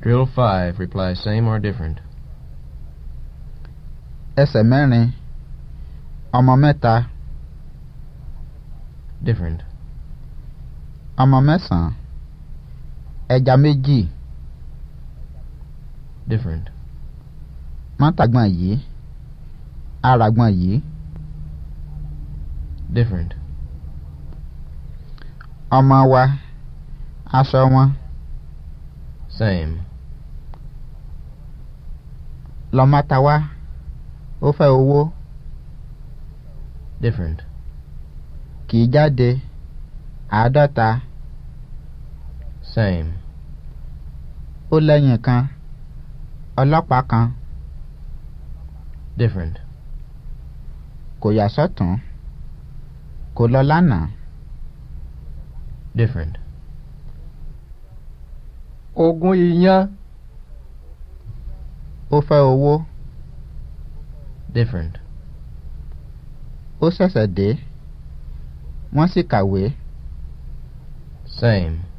Drill 5. Reply same or different. Ẹsẹ̀ mẹ́rin. Ọmọ mẹ́ta. Different. Ọmọ mẹ́sàn-án. Ẹja méjì. Different. Mọ́tàgbọ́n yìí. Aràgbọ́n yìí. Different. Ọmọ wa. Aṣọ wọn same. lọ́mátawá ó fẹ́ owó. different. kì í jáde àádọ́ta. same. ó lẹ́yìn kan ọlọ́pàá kan. different. kò yà sọ́tún kò lọ lánàá. different ogún iyán. ó fẹ́ owó. different. ó ṣẹ̀ṣẹ̀ dé wọ́n sì kàwé. same.